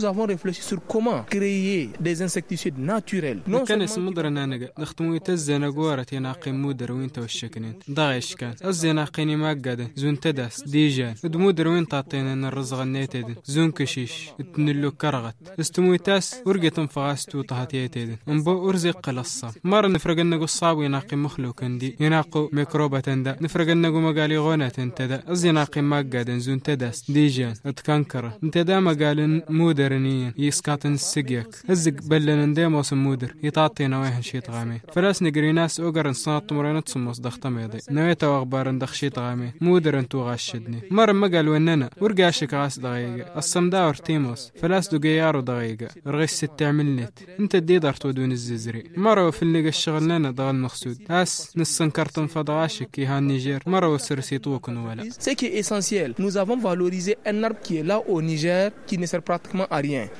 nous avons réfléchi sur comment créer des insecticides naturels. كان مدرنا نجا نختمو تزنا جوارة يناقي مدر وين توشكنين ضايش كان الزنا قيني ما قادة زون تدس ديجا دمودر وين تعطينا الرزق النيتد زون كشيش تنلو كرغت استمو تاس ورقة فغاس تو تهتيتد انبو ارزق قلصة مار نفرق النجو الصعب يناقي مخلوق دي يناقو ميكروبة تندا نفرق النجو مقالي غونة تنتدا الزنا قيم ما قادة زون تدس ديجا تكنكر انتدا مقال مودر كرنيين يسكاتن سيجيك هزق بلن ديموس مودر يتعطينا ويهن شيت غامي فلاسني جريناس اوغرن صنات مرينت سموس دختميضي نويتا واغبارن دخشيت غامي مودر انتو غاشدني مر ما قال وننا ورقاشك غاس دقيقة الصمداور تيموس فلاس دو جيارو دقيقة رغيس ست انت دي دارتو دون الززري مر في اللي الشغل لنا دغل مقصود هاس نسن كرتن فضغاشك يها نيجير مرة وسرسي توكن ولا Ce qui est essentiel, nous avons valorisé un arbre qui est là au Niger, qui ne sert pratiquement à rien